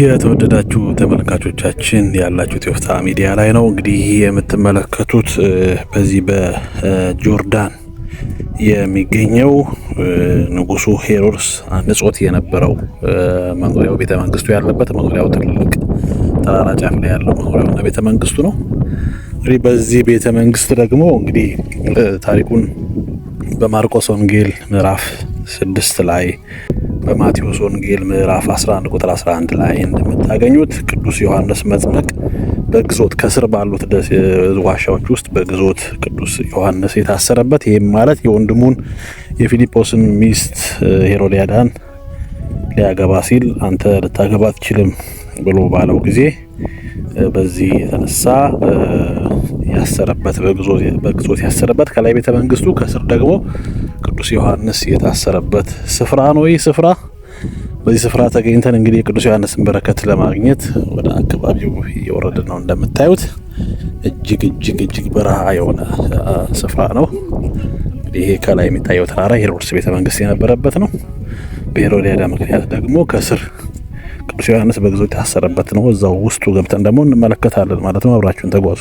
የተወደዳችሁ ተመልካቾቻችን ያላችሁት የወፍታ ሚዲያ ላይ ነው። እንግዲህ የምትመለከቱት በዚህ በጆርዳን የሚገኘው ንጉሱ ሄሮድስ ንጾት የነበረው መኖሪያው ቤተ መንግስቱ ያለበት መኖሪያው ትልቅ ተራራ ጫፍ ላይ ያለው መኖሪያውና ቤተ መንግስቱ ነው። እንግዲህ በዚህ ቤተ መንግስት ደግሞ እንግዲህ ታሪኩን በማርቆስ ወንጌል ምዕራፍ ስድስት ላይ በማቴዎስ ወንጌል ምዕራፍ 11 ቁጥር 11 ላይ እንደምታገኙት ቅዱስ ዮሐንስ መጥምቅ በግዞት ከስር ባሉት ዋሻዎች ውስጥ በግዞት ቅዱስ ዮሐንስ የታሰረበት ይህም ማለት የወንድሙን የፊሊጶስን ሚስት ሄሮዲያዳን ሊያገባ ሲል አንተ ልታገባ አትችልም ብሎ ባለው ጊዜ በዚህ የተነሳ ያሰረበት በግዞት ያሰረበት ከላይ ቤተ መንግስቱ ከስር ደግሞ ቅዱስ ዮሐንስ የታሰረበት ስፍራ ነው። ይህ ስፍራ በዚህ ስፍራ ተገኝተን እንግዲህ የቅዱስ ዮሐንስን በረከት ለማግኘት ወደ አካባቢው እየወረደ ነው። እንደምታዩት እጅግ እጅግ እጅግ በረሃ የሆነ ስፍራ ነው። እንግዲህ ይሄ ከላይ የሚታየው ተራራ ሄሮድስ ቤተ መንግስት የነበረበት ነው። በሄሮድያዳ ምክንያት ደግሞ ከስር ቅዱስ ዮሐንስ በግዞ የታሰረበት ነው። እዛው ውስጡ ገብተን ደግሞ እንመለከታለን ማለት ነው። አብራችሁን ተጓዙ።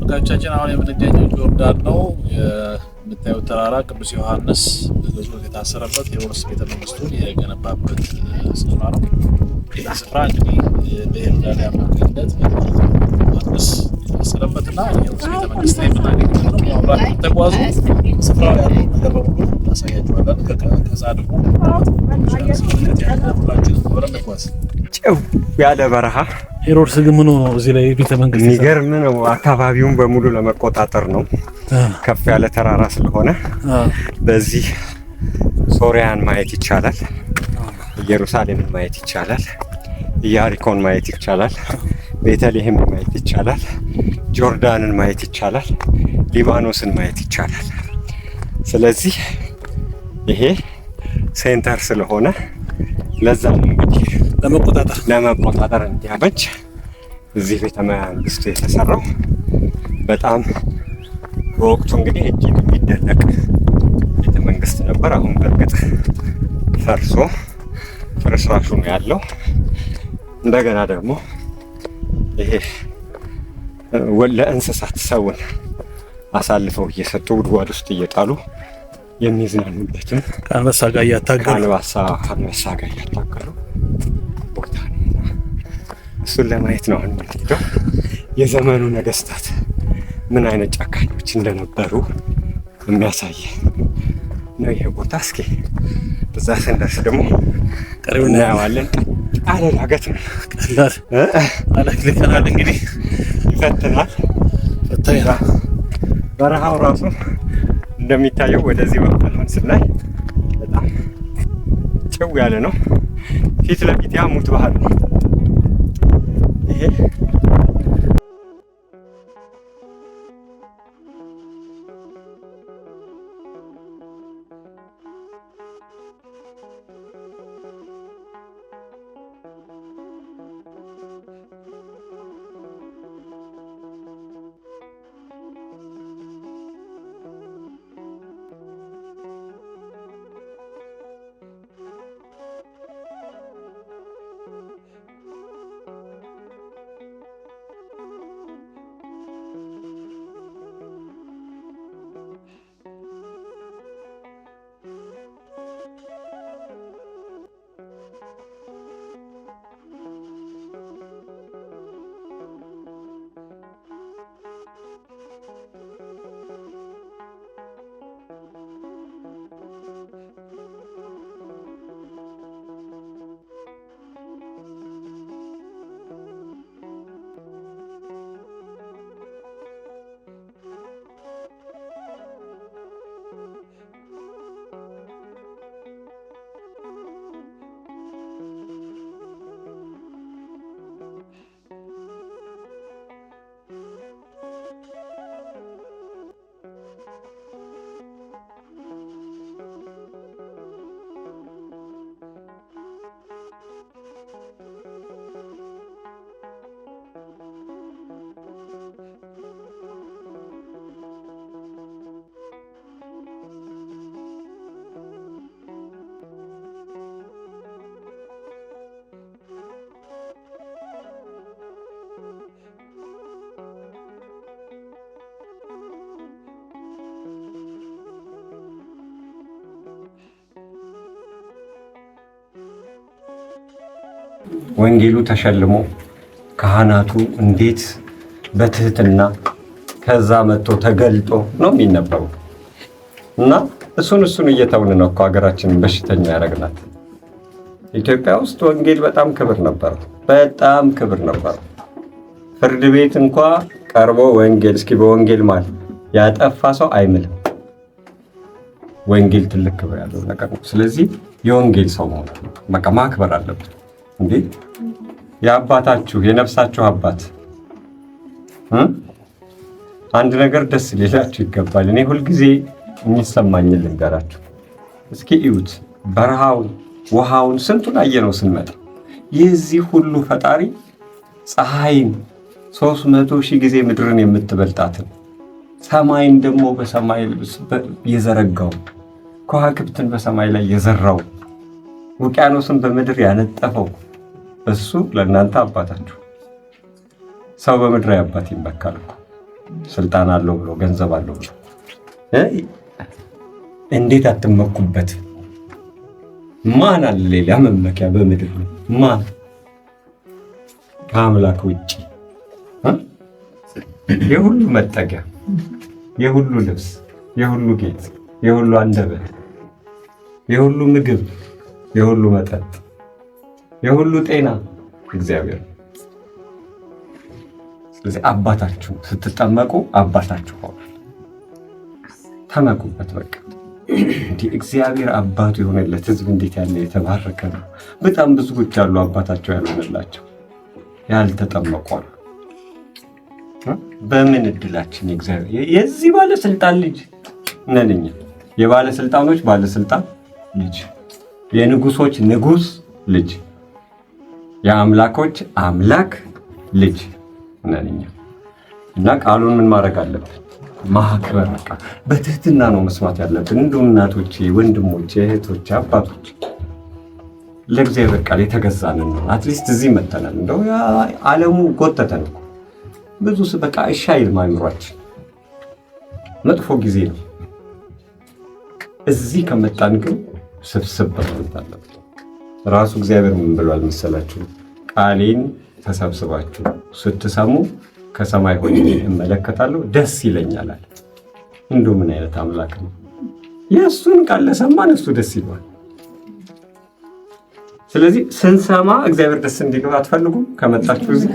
ወዳጆቻችን አሁን የምንገኘው ጆርዳን ነው። የምታዩት ተራራ ቅዱስ ዮሐንስ በግዞት የታሰረበት ሄሮድስ ቤተመንግስቱን የገነባበት ስፍራ ነው። ስፍራ እንግዲህ ተጓዙ ነገር በሙሉ ከዛ ደግሞ ያለ በረሃ ሄሮድስ ግን ምን ሆኖ እዚህ ላይ የሚገርም ነው። አካባቢውን በሙሉ ለመቆጣጠር ነው። ከፍ ያለ ተራራ ስለሆነ በዚህ ሶሪያን ማየት ይቻላል። ኢየሩሳሌምን ማየት ይቻላል። ኢያሪኮን ማየት ይቻላል። ቤተልሔም ማየት ይቻላል። ጆርዳንን ማየት ይቻላል። ሊባኖስን ማየት ይቻላል። ስለዚህ ይሄ ሴንተር ስለሆነ ለዛ ነው እንግዲህ ለመቆጣጠር ለመቆጣጠር እንዲያበጅ እዚህ ቤተ መንግስቱ የተሰራው በጣም በወቅቱ እንግዲህ እጅግ የሚደነቅ ቤተ መንግስት ነበር። አሁን በእርግጥ ፈርሶ ፍርስራሹ ነው ያለው። እንደገና ደግሞ ይሄ ለእንስሳት ሰውን አሳልፈው እየሰጡ ጉድጓድ ውስጥ እየጣሉ የሚዝናኑበትም ከአንበሳ ጋር እያታገሉ ከአንበሳ ጋር እያታገሉ ቦታ ነውና እሱን ለማየት ነው አሁን የምንሄደው። የዘመኑ ነገስታት ምን አይነት ጨካኞች እንደነበሩ የሚያሳየ ነው ይሄ ቦታ። እስኪ እዛ ስንደርስ ደግሞ ቀሪው እናየዋለን። አለ ዳገት ነው ቀላል አለክልከናል። እንግዲህ ይፈትናል። በረሃው ራሱ እንደሚታየው ወደዚህ በኩል አሁን ስናይ በጣም ጭው ያለ ነው። ፊት ለፊት ያ ሙት ባህር ነው ይሄ ወንጌሉ ተሸልሞ ካህናቱ እንዴት በትህትና ከዛ መጥቶ ተገልጦ ነው የሚነበሩ እና እሱን እሱን እየተውን ነው እኮ ሀገራችንን በሽተኛ ያደረግናት። ኢትዮጵያ ውስጥ ወንጌል በጣም ክብር ነበረው፣ በጣም ክብር ነበረው። ፍርድ ቤት እንኳ ቀርቦ ወንጌል እስኪ በወንጌል ማል ያጠፋ ሰው አይምልም። ወንጌል ትልቅ ክብር ያለው ነገር ነው። ስለዚህ የወንጌል ሰው መሆን በቃ ማክበር አለበት። እንዴ የአባታችሁ የነፍሳችሁ አባት አንድ ነገር ደስ ሌላችሁ ይገባል። እኔ ሁልጊዜ የሚሰማኝ ልንገራችሁ እስኪ እዩት። በረሃውን፣ ውሃውን ስንቱን አየነው ስንመጣ። የዚህ ሁሉ ፈጣሪ ፀሐይን ሦስት መቶ ሺህ ጊዜ ምድርን የምትበልጣትን ሰማይን ደግሞ በሰማይ የዘረጋው ከዋክብትን በሰማይ ላይ የዘራው ውቅያኖስን በምድር ያነጠፈው እሱ ለእናንተ አባታችሁ። ሰው በምድራዊ አባት ይመካል እኮ ስልጣን አለው ብሎ ገንዘብ አለው ብሎ እንዴት አትመኩበት? ማን አለ ሌላ መመኪያ በምድር ነው? ማን ከአምላክ ውጭ? የሁሉ መጠጊያ፣ የሁሉ ልብስ፣ የሁሉ ጌጥ፣ የሁሉ አንደበት፣ የሁሉ ምግብ የሁሉ መጠጥ የሁሉ ጤና እግዚአብሔር ስለዚህ አባታችሁ ስትጠመቁ አባታችሁ ሆኗል። ተመኩበት በቃ እንዲህ እግዚአብሔር አባቱ የሆነለት ህዝብ እንዴት ያለ የተባረከ ነው። በጣም ብዙዎች አሉ አባታቸው ያልሆነላቸው ያልተጠመቁ በምን እድላችን እግዚአብሔር የዚህ ባለስልጣን ልጅ ነን እኛ የባለስልጣኖች ባለስልጣን ልጅ የንጉሶች ንጉስ ልጅ የአምላኮች አምላክ ልጅ ነን እኛ እና ቃሉን ምን ማድረግ አለብን? ማክበር። በቃ በትህትና ነው መስማት ያለብን። እንዲሁ እናቶቼ፣ ወንድሞቼ፣ እህቶቼ፣ አባቶች ለእግዚአብሔር ቃል የተገዛንን ነው። አትሊስት እዚህ መተናል። እንደው አለሙ ጎተተን ብዙ በቃ እሺ አይል መጥፎ ጊዜ ነው። እዚህ ከመጣን ግን ስብስብ ማለት አለበት። ራሱ እግዚአብሔር ምን ብሏል መሰላችሁ? ቃሌን ተሰብስባችሁ ስትሰሙ ከሰማይ ሆኜ እመለከታለሁ ደስ ይለኛላል። እንዶ ምን አይነት አምላክ ነው! የእሱን ቃል ለሰማን እሱ ደስ ይለዋል። ስለዚህ ስንሰማ እግዚአብሔር ደስ እንዲለው አትፈልጉም? ከመጣችሁ እዚህ።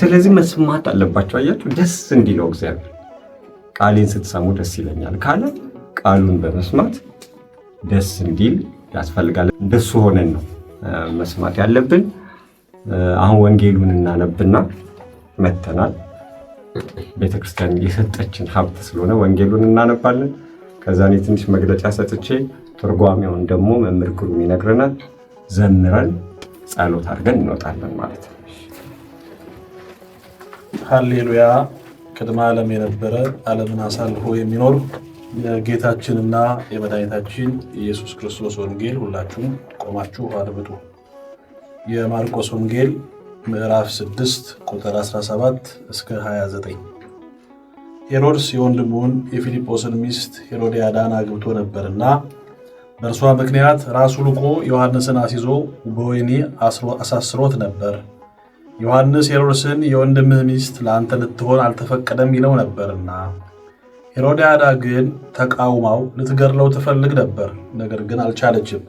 ስለዚህ መስማት አለባቸው። አያችሁ፣ ደስ እንዲለው እግዚአብሔር ቃሌን ስትሰሙ ደስ ይለኛል ካለ ቃሉን በመስማት ደስ እንዲል ያስፈልጋል። እንደሱ ሆነን ነው መስማት ያለብን። አሁን ወንጌሉን እናነብና መተናል። ቤተክርስቲያን የሰጠችን ሀብት ስለሆነ ወንጌሉን እናነባለን። ከዛ እኔ ትንሽ መግለጫ ሰጥቼ ትርጓሜውን ደግሞ መምህር ይነግረናል። ዘምረን ጸሎት አድርገን እንወጣለን ማለት ነው። ሀሌሉያ ቅድመ ዓለም የነበረ ዓለምን አሳልፎ የሚኖር የጌታችንና የመድኃኒታችን የኢየሱስ ክርስቶስ ወንጌል ሁላችሁም ቆማችሁ አድምጡ። የማርቆስ ወንጌል ምዕራፍ 6 ቁጥር 17 እስከ 29። ሄሮድስ የወንድሙን የፊልጶስን ሚስት ሄሮዲያዳን አግብቶ ነበርና በእርሷ ምክንያት ራሱ ልኮ ዮሐንስን አስይዞ በወህኒ አሳስሮት ነበር። ዮሐንስ ሄሮድስን የወንድምህ ሚስት ለአንተ ልትሆን አልተፈቀደም ይለው ነበርና ሄሮድያዳ ግን ተቃውማው ልትገድለው ትፈልግ ነበር፣ ነገር ግን አልቻለችም።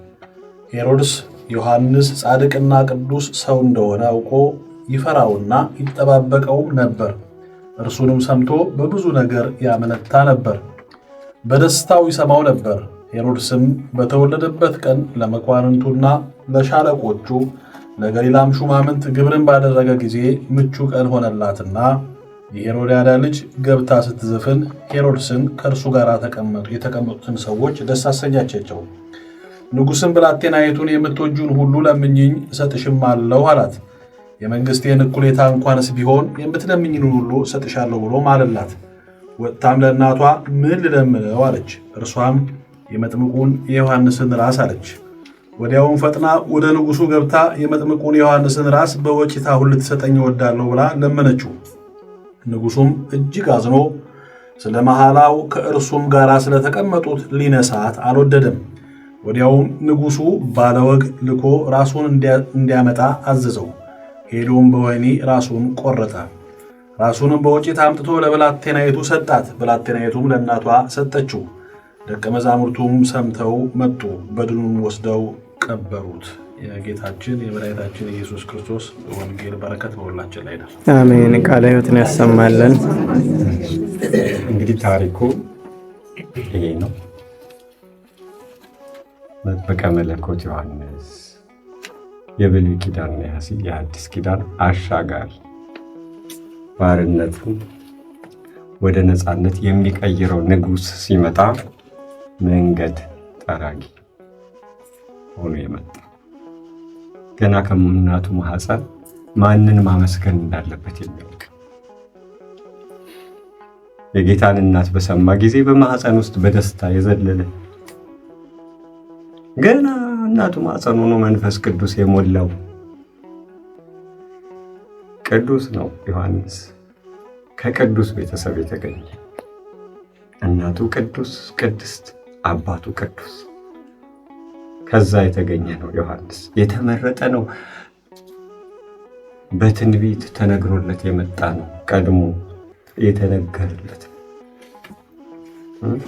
ሄሮድስ ዮሐንስ ጻድቅና ቅዱስ ሰው እንደሆነ አውቆ ይፈራውና ይጠባበቀውም ነበር። እርሱንም ሰምቶ በብዙ ነገር ያመነታ ነበር፣ በደስታው ይሰማው ነበር። ሄሮድስም በተወለደበት ቀን ለመኳንንቱና ለሻለቆቹ ለገሊላም ሹማምንት ግብርን ባደረገ ጊዜ ምቹ ቀን ሆነላትና የሄሮዳዳ ልጅ ገብታ ስትዘፍን ሄሮድስን ከእርሱ ጋር የተቀመጡትን ሰዎች ደስ አሰኛቻቸው። ንጉሥም ብላቴናይቱን የምትወጁን ሁሉ ለምኝኝ እሰጥሽማለሁ አላት። የመንግሥቴን እኩሌታ እንኳንስ ቢሆን የምትለምኝን ሁሉ እሰጥሻለሁ ብሎ ማለላት። ወጥታም ለእናቷ ምን ልለምነው አለች። እርሷም የመጥምቁን የዮሐንስን ራስ አለች። ወዲያውም ፈጥና ወደ ንጉሡ ገብታ የመጥምቁን የዮሐንስን ራስ በወጭት አሁን ልትሰጠኝ እወዳለሁ ብላ ለመነችው። ንጉሱም እጅግ አዝኖ ስለ መሐላው ከእርሱም ጋር ስለተቀመጡት ሊነሳት አልወደደም። ወዲያውም ንጉሱ ባለወግ ልኮ ራሱን እንዲያመጣ አዘዘው። ሄዶም በወህኒ ራሱን ቆረጠ። ራሱንም በውጪ አምጥቶ ለብላቴናይቱ ሰጣት። ብላቴናይቱም ለእናቷ ሰጠችው። ደቀ መዛሙርቱም ሰምተው መጡ። በድኑን ወስደው ቀበሩት። የጌታችን የመድኃኒታችን ኢየሱስ ክርስቶስ ወንጌል በረከት በሁላችን ላይ ነው። አሜን። ቃለ ሕይወትን ያሰማለን። እንግዲህ ታሪኩ ይሄ ነው። መጥምቀ መለኮት ዮሐንስ የብሉይ ያሲ የአዲስ ኪዳን አሻጋሪ ባርነትን ወደ ነፃነት የሚቀይረው ንጉሥ ሲመጣ መንገድ ጠራጊ ሆኖ የመጣ ገና ከእናቱ ማህፀን ማንን ማመስገን እንዳለበት የሚያውቅ የጌታን እናት በሰማ ጊዜ በማህፀን ውስጥ በደስታ የዘለለ ገና እናቱ ማህፀን ሆኖ መንፈስ ቅዱስ የሞላው ቅዱስ ነው ዮሐንስ። ከቅዱስ ቤተሰብ የተገኘ እናቱ ቅዱስ ቅድስት፣ አባቱ ቅዱስ ከዛ የተገኘ ነው። ዮሐንስ የተመረጠ ነው። በትንቢት ተነግሮለት የመጣ ነው። ቀድሞ የተነገረለት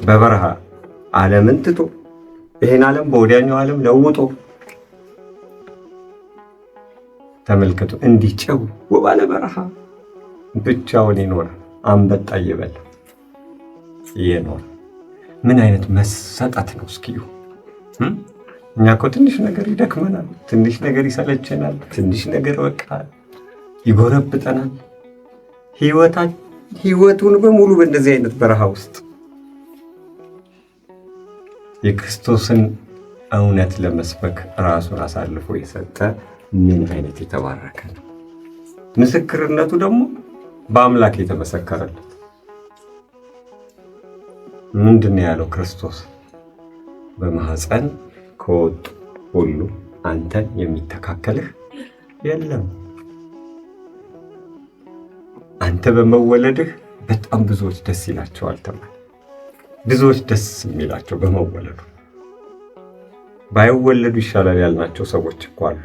በበረሃ ዓለምን ትቶ ይህን ዓለም በወዲያኛው ዓለም ለውጦ ተመልከቱ። እንዲህ ጨው ወባለ በረሃ ብቻውን ይኖራል። አንበጣ እየበላ የኖረ ምን አይነት መሰጠት ነው እስኪሁ እኛ እኮ ትንሽ ነገር ይደክመናል፣ ትንሽ ነገር ይሰለችናል፣ ትንሽ ነገር በቃ ይጎረብጠናል። ህይወቱን በሙሉ በእንደዚህ አይነት በረሃ ውስጥ የክርስቶስን እውነት ለመስበክ ራሱን አሳልፎ የሰጠ ምን አይነት የተባረከ ነው! ምስክርነቱ ደግሞ በአምላክ የተመሰከረለት ምንድን ነው ያለው ክርስቶስ በማህፀን? ከወጡ ሁሉ አንተን የሚተካከልህ የለም። አንተ በመወለድህ በጣም ብዙዎች ደስ ይላቸዋል ተባለ። ብዙዎች ደስ የሚላቸው በመወለዱ ባይወለዱ ይሻላል ያልናቸው ሰዎች እኮ አሉ።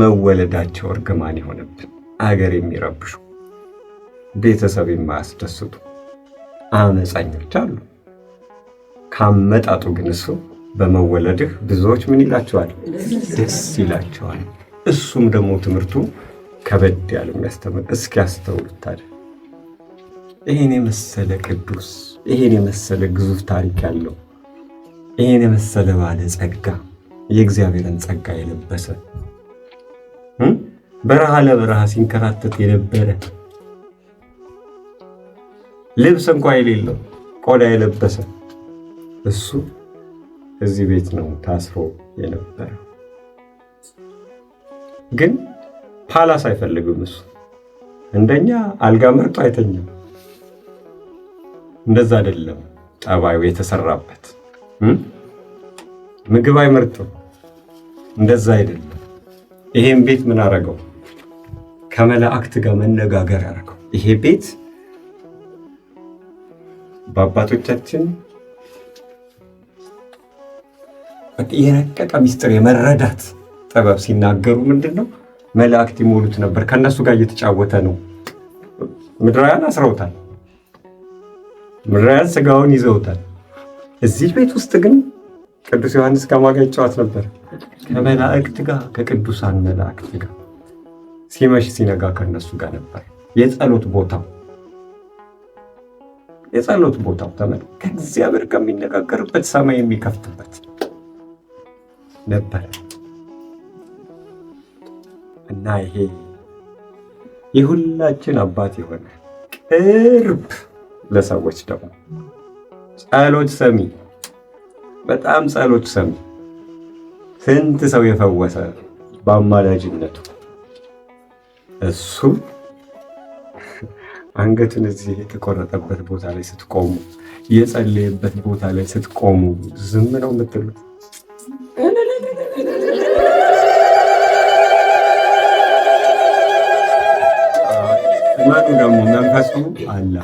መወለዳቸው እርግማን የሆነብን አገር የሚረብሹ ቤተሰብ የማያስደስቱ አመፀኞች አሉ። ካመጣጡ ግን እሱ በመወለድህ ብዙዎች ምን ይላቸዋል? ደስ ይላቸዋል። እሱም ደግሞ ትምህርቱ ከበድ ያለ የሚያስተምር እስኪያስተውሉት ታዲያ ይህን የመሰለ ቅዱስ፣ ይህን የመሰለ ግዙፍ ታሪክ ያለው፣ ይህን የመሰለ ባለ ጸጋ፣ የእግዚአብሔርን ጸጋ የለበሰ በረሃ ለበረሃ ሲንከራተት የነበረ ልብስ እንኳ የሌለው ቆዳ የለበሰ እሱ እዚህ ቤት ነው ታስሮ የነበረው። ግን ፓላስ አይፈልግም እሱ። እንደኛ አልጋ መርጦ አይተኛም። እንደዛ አይደለም ጠባዩ የተሰራበት። ምግብ አይመርጥም። እንደዛ አይደለም። ይሄን ቤት ምን አረገው? ከመላእክት ጋር መነጋገር ያደረገው ይሄ ቤት በአባቶቻችን የረቀቀ ሚስጥር የመረዳት ጥበብ ሲናገሩ ምንድን ነው መላእክት ይሞሉት ነበር። ከእነሱ ጋር እየተጫወተ ነው። ምድራውያን አስረውታል። ምድራውያን ስጋውን ይዘውታል። እዚህ ቤት ውስጥ ግን ቅዱስ ዮሐንስ ከማን ጋር ይጫወት ነበር? ከመላእክት ጋር፣ ከቅዱሳን መላእክት ጋር ሲመሽ ሲነጋ ከእነሱ ጋር ነበር። የጸሎት ቦታው የጸሎት ቦታው ተመ ከእግዚአብሔር ከሚነጋገርበት ሰማይ የሚከፍትበት ነበረ እና ይሄ የሁላችን አባት የሆነ ቅርብ ለሰዎች ደግሞ ጸሎት ሰሚ በጣም ጸሎት ሰሚ ስንት ሰው የፈወሰ በአማላጅነቱ እሱ አንገቱን እዚህ የተቆረጠበት ቦታ ላይ ስትቆሙ የጸለየበት ቦታ ላይ ስትቆሙ ዝም ነው የምትሉት? ቅመዱ ደግሞ መንፈሱ አለ።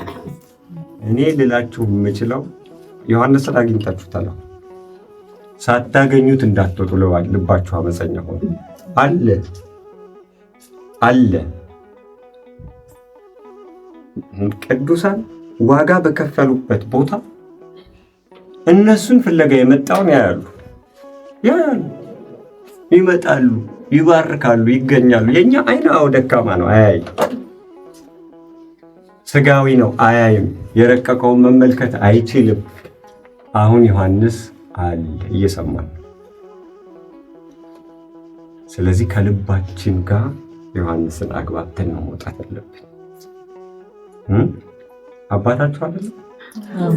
እኔ ልላችሁ የምችለው ዮሐንስን አግኝታችሁታል። ሳታገኙት እንዳትወጡ ልባችሁ አመፀኛ ሆነ አለ አለ። ቅዱሳን ዋጋ በከፈሉበት ቦታ እነሱን ፍለጋ የመጣውን ያያሉ ያያሉ፣ ይመጣሉ፣ ይባርካሉ፣ ይገኛሉ። የእኛ አይን አው ደካማ ነው፣ አያይ ስጋዊ ነው፣ አያይም፣ የረቀቀውን መመልከት አይችልም። አሁን ዮሐንስ አለ እየሰማን። ስለዚህ ከልባችን ጋር ዮሐንስን አግባብተን ነው መውጣት ያለብን። አባታችሁ አለ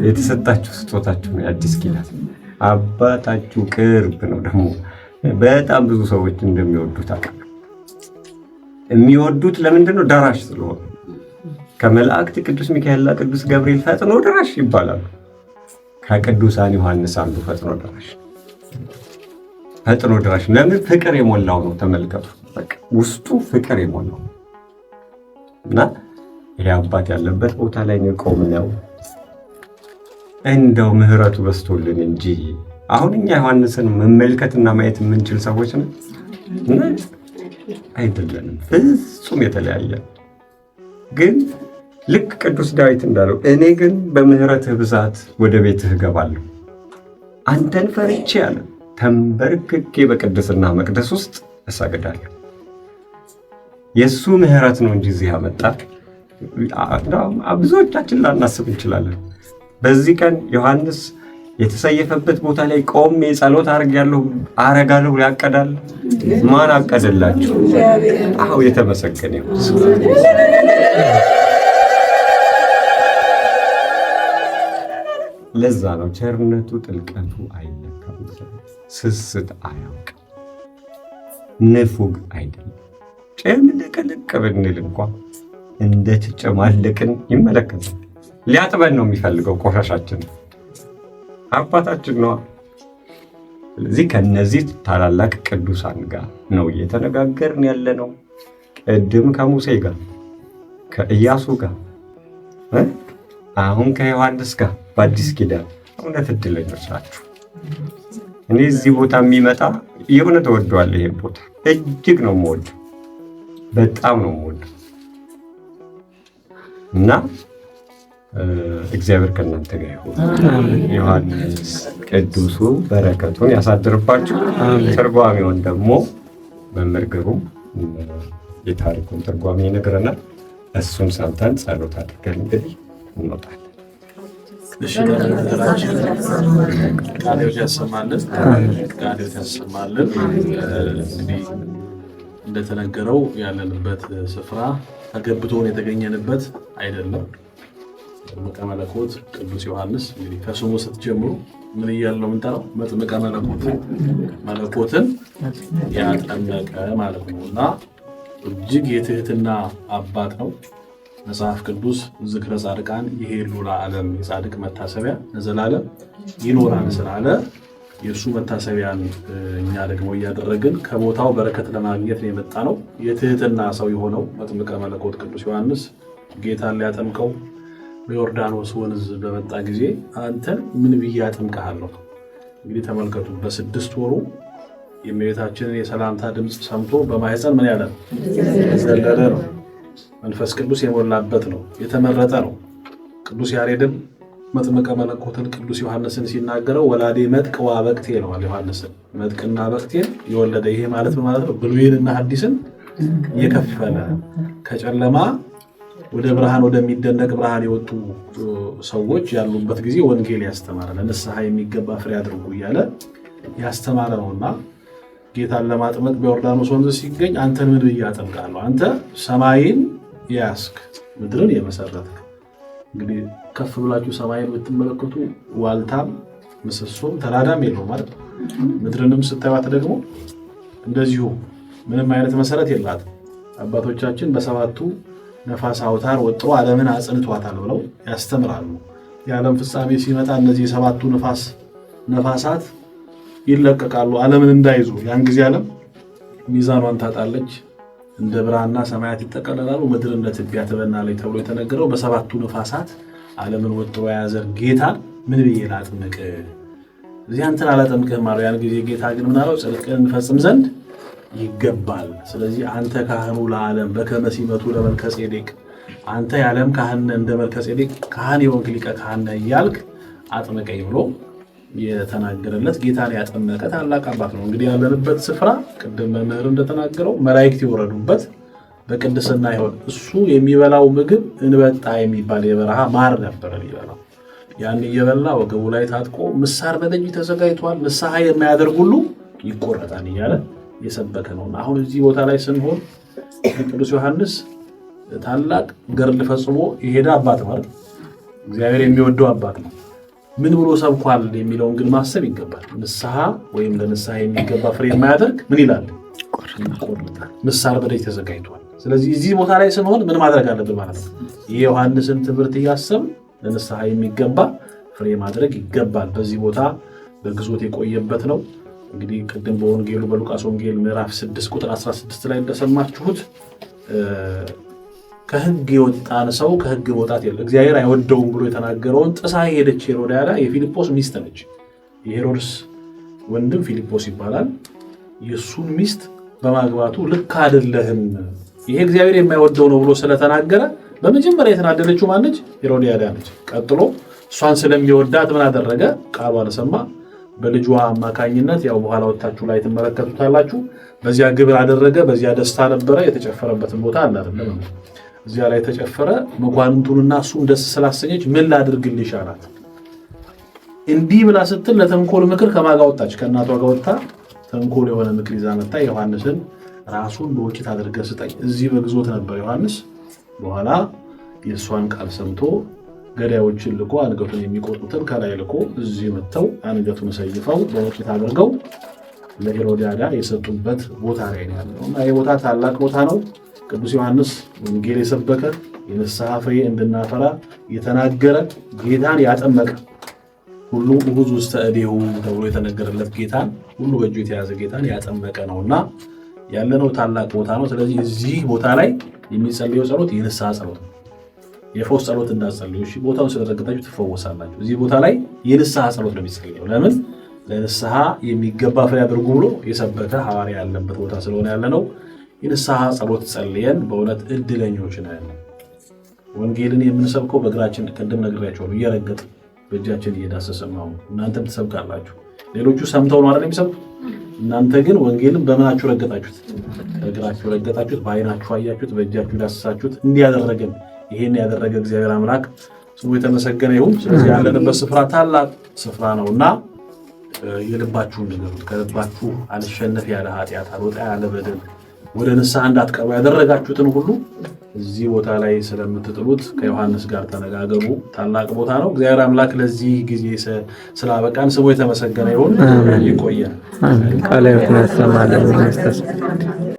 የተሰጣችሁ ስጦታችሁ ነው የአዲስ ኪዳን አባታችሁ ቅርብ ነው። ደግሞ በጣም ብዙ ሰዎች እንደሚወዱት አቀ የሚወዱት ለምንድን ነው? ዳራሽ ስለሆነ ከመላእክት ቅዱስ ሚካኤልና ቅዱስ ገብርኤል ፈጥኖ ደራሽ ይባላሉ። ከቅዱሳን ዮሐንስ አንዱ ፈጥኖ ደራሽ ፈጥኖ ደራሽ ለምን ፍቅር የሞላው ነው። ተመልከቱ፣ ውስጡ ፍቅር የሞላው እና ይሄ አባት ያለበት ቦታ ላይ ነው እንደው ምሕረቱ በስቶልን እንጂ አሁን እኛ ዮሐንስን መመልከትና ማየት የምንችል ሰዎች ነ አይደለንም። ፍጹም የተለያየ ግን ልክ ቅዱስ ዳዊት እንዳለው እኔ ግን በምህረትህ ብዛት ወደ ቤትህ እገባለሁ አንተን ፈርቼ ያለ ተንበርክኬ በቅድስና መቅደስ ውስጥ እሰግዳለሁ። የእሱ ምህረት ነው እንጂ እዚህ ያመጣ ብዙዎቻችን ላናስብ እንችላለን። በዚህ ቀን ዮሐንስ የተሰየፈበት ቦታ ላይ ቆሜ ጸሎት አርጋለሁ አረጋለሁ ያቀዳል። ማን አቀደላችሁ? አዎ የተመሰገነ ለዛ ነው ቸርነቱ ጥልቀቱ አይለካም፣ ስስት አያውቅም፣ ንፉግ አይደለም። ጭምልቅልቅ ብንል እንኳ እንደተጨማለቅን ይመለከታል። ሊያጥበን ነው የሚፈልገው ቆሻሻችን አባታችን ነዋ። ስለዚህ ከነዚህ ታላላቅ ቅዱሳን ጋር ነው እየተነጋገርን ያለ ነው። ቅድም ከሙሴ ጋር ከኢያሱ ጋር አሁን ከዮሐንስ ጋር በአዲስ ኪዳን እውነት እድለኞች ናቸው። እኔ እዚህ ቦታ የሚመጣ የእውነት እወደዋለሁ። ይሄን ቦታ እጅግ ነው የምወደው፣ በጣም ነው የምወደው እና እግዚአብሔር ከእናንተ ጋር ይሁን። ዮሐንስ ቅዱሱ በረከቱን ያሳድርባችሁ። ትርጓሚውን ደግሞ መምህር ግሩም የታሪኩን ትርጓሚ ይነግረናል። እሱን ሰምተን ጸሎት አድርገን እንግዲህ እንወጣለን። ቃሌዎት ያሰማልን ቃሌዎት ያሰማልን። እንግዲህ እንደተነገረው ያለንበት ስፍራ ተገብቶን የተገኘንበት አይደለም። መጥምቀ መለኮት ቅዱስ ዮሐንስ እንግዲህ ከስሙ ስትጀምሩ ምን እያል ነው ምንጠራው መጥምቀ መለኮት መለኮትን ያጠመቀ ማለት ነው እና እጅግ የትህትና አባት ነው። መጽሐፍ ቅዱስ ዝክረ ጻድቃን ይሄሉ ለዓለም የጻድቅ መታሰቢያ ለዘላለም ይኖራል ስላለ የእሱ መታሰቢያን እኛ ደግሞ እያደረግን ከቦታው በረከት ለማግኘት የመጣ ነው። የትህትና ሰው የሆነው መጥምቀ መለኮት ቅዱስ ዮሐንስ ጌታን ሊያጠምቀው በዮርዳኖስ ወንዝ በመጣ ጊዜ አንተን ምን ብዬ አጠምቅሃለሁ? እንግዲህ ተመልከቱ፣ በስድስት ወሩ የእመቤታችንን የሰላምታ ድምፅ ሰምቶ በማኅፀን ምን ያለ ዘለለ ነው መንፈስ ቅዱስ የሞላበት ነው፣ የተመረጠ ነው። ቅዱስ ያሬድም መጥምቀ መለኮትን ቅዱስ ዮሐንስን ሲናገረው ወላዴ ዋ በቅቴ ይለዋል። ዮሐንስን መጥቅና በቅቴን የወለደ ይሄ ማለት ማለት ነው። ብሉይንና ሐዲስን የከፈለ ከጨለማ ወደ ብርሃን ወደሚደነቅ ብርሃን የወጡ ሰዎች ያሉበት ጊዜ ወንጌል ያስተማረ ለንስሐ የሚገባ ፍሬ አድርጉ እያለ ያስተማረ ነውና ጌታን ለማጥመቅ በዮርዳኖስ ወንዝ ሲገኝ አንተን ምን ብዬ አጠምቃለሁ? አንተ ሰማይን ያስክ ምድርን የመሰረት እንግዲህ ከፍ ብላችሁ ሰማይን የምትመለከቱ ዋልታም ምሰሶም ተራዳም የለው ማለት ምድርንም ስታዩት ደግሞ እንደዚሁ ምንም አይነት መሰረት የላት አባቶቻችን በሰባቱ ነፋስ አውታር ወጥሮ ዓለምን አጽንቷታል ብለው ያስተምራሉ። የዓለም ፍጻሜ ሲመጣ እነዚህ የሰባቱ ነፋሳት ይለቀቃሉ ዓለምን እንዳይዙ። ያን ጊዜ ዓለም ሚዛኗን ታጣለች። እንደ ብራና ሰማያት ይጠቀለላሉ፣ ምድር እንደ ትቢያ ትበናለች ተብሎ የተነገረው በሰባቱ ንፋሳት ዓለምን ወጥሮ የያዘ ጌታ ምን ብዬ ላጥምቅ? እዚህ አንተን አላጠምቅህም አለው። ያን ጊዜ ጌታ ግን ምናለው? አለው? ጽድቅን እንፈጽም ዘንድ ይገባል። ስለዚህ አንተ ካህኑ ለዓለም በከመ ሲመቱ ለመልከጼዴቅ አንተ የዓለም ካህን እንደ መልከጼዴቅ ካህን የወንክ ሊቀ ካህን እያልክ አጥምቀኝ ብሎ የተናገረለት ጌታን ያጠመቀ ታላቅ አባት ነው። እንግዲህ ያለንበት ስፍራ ቅድም መምህር እንደተናገረው መላእክት የወረዱበት በቅድስና ይሆን። እሱ የሚበላው ምግብ እንበጣ የሚባል የበረሃ ማር ነበር የሚበላው። ያን እየበላ ወገቡ ላይ ታጥቆ ምሳር በደጅ ተዘጋጅቷል፣ ንስሐ የማያደርግ ሁሉ ይቆረጣል እያለ የሰበከ ነው። አሁን እዚህ ቦታ ላይ ስንሆን ቅዱስ ዮሐንስ ታላቅ ገርል ፈጽሞ የሄደ አባት ማለት እግዚአብሔር የሚወደው አባት ነው። ምን ብሎ ሰብኳል የሚለውን ግን ማሰብ ይገባል። ንስሐ ወይም ለንስሐ የሚገባ ፍሬ የማያደርግ ምን ይላል? ምሳር በደጅ ተዘጋጅቷል። ስለዚህ እዚህ ቦታ ላይ ስንሆን ምን ማድረግ አለብን ማለት ነው? የዮሐንስን ትምህርት እያሰብ ለንስሐ የሚገባ ፍሬ ማድረግ ይገባል። በዚህ ቦታ በግዞት የቆየበት ነው። እንግዲህ ቅድም በወንጌሉ በሉቃስ ወንጌል ምዕራፍ 6 ቁጥር 16 ላይ እንደሰማችሁት ከህግ የወጣን ሰው ከህግ መውጣት የለ እግዚአብሔር አይወደውም ብሎ የተናገረውን ጥሳ ሄደች ሄሮድያዳ የፊልጶስ ሚስት ነች። የሄሮድስ ወንድም ፊልጶስ ይባላል። የእሱን ሚስት በማግባቱ ልክ አይደለህም፣ ይሄ እግዚአብሔር የማይወደው ነው ብሎ ስለተናገረ በመጀመሪያ የተናደደችው ማነች? ሄሮድያዳ ነች። ቀጥሎ እሷን ስለሚወዳት ምን አደረገ? ቃሉ አልሰማ። በልጇ አማካኝነት ያው በኋላ ወታችሁ ላይ ትመለከቱታላችሁ። በዚያ ግብር አደረገ፣ በዚያ ደስታ ነበረ። የተጨፈረበትን ቦታ አናደለም እዚያ ላይ ተጨፈረ። መኳንንቱንና እሱን ደስ ስላሰኘች ምን ላድርግልሽ አላት። እንዲህ ብላ ስትል ለተንኮል ምክር ከማጋ ወጣች፣ ከእናቷ ጋር ወጥታ ተንኮል የሆነ ምክር ይዛ መጣ። ዮሐንስን ራሱን በውጭት አድርገ ስጠኝ። እዚህ በግዞት ነበር ዮሐንስ። በኋላ የእሷን ቃል ሰምቶ ገዳዮችን ልኮ አንገቱን የሚቆርጡትን ከላይ ልኮ እዚህ መጥተው አንገቱን ሰይፈው በውጭት አድርገው ለሄሮዲያዳ የሰጡበት ቦታ ላይ ያለው እና ይህ ቦታ ታላቅ ቦታ ነው። ቅዱስ ዮሐንስ ወንጌል የሰበከ የንስሐ ፍሬ እንድናፈራ የተናገረ ጌታን ያጠመቀ ሁሉ ብዙ ውስተ እዴሁ ተብሎ የተነገረለት ጌታን ሁሉ በእጁ የተያዘ ጌታን ያጠመቀ ነው እና ያለነው ታላቅ ቦታ ነው። ስለዚህ እዚህ ቦታ ላይ የሚጸልየው ጸሎት የንስሐ ጸሎት ነው። የፈውስ ጸሎት እንዳጸልዩ ቦታውን ስለረገጣችሁ ትፈወሳላችሁ። እዚህ ቦታ ላይ የንስሐ ጸሎት ነው የሚጸልየው። ለምን ለንስሐ የሚገባ ፍሬ አድርጉ ብሎ የሰበከ ሐዋርያ ያለበት ቦታ ስለሆነ ያለነው የንስሐ ጸሎት ጸልየን በእውነት እድለኞች ነን። ወንጌልን የምንሰብከው በእግራችን ቅድም ነግሬያቸዋለሁ፣ እየረገጥን በእጃችን እየዳሰስን ነው። እናንተም ትሰብካላችሁ። ሌሎቹ ሰምተው ነው አይደል የሚሰብኩ። እናንተ ግን ወንጌልን በምናችሁ ረገጣችሁት? በእግራችሁ ረገጣችሁት፣ በአይናችሁ አያችሁት፣ በእጃችሁ ዳሰሳችሁት። እንዲህ ያደረገን ይሄን ያደረገ እግዚአብሔር አምላክ ስሙ የተመሰገነ ይሁን። ስለዚህ ያለንበት ስፍራ ታላቅ ስፍራ ነው እና የልባችሁን ንገሩት። ከልባችሁ አልሸነፍ ያለ ኃጢአት፣ አልወጣ ያለ በደል ወደ ንስሐ እንዳትቀርቡ ያደረጋችሁትን ሁሉ እዚህ ቦታ ላይ ስለምትጥሉት ከዮሐንስ ጋር ተነጋገሩ። ታላቅ ቦታ ነው። እግዚአብሔር አምላክ ለዚህ ጊዜ ስላበቃን ስሙ የተመሰገነ ይሁን። ይቆያል። እናሰማለን።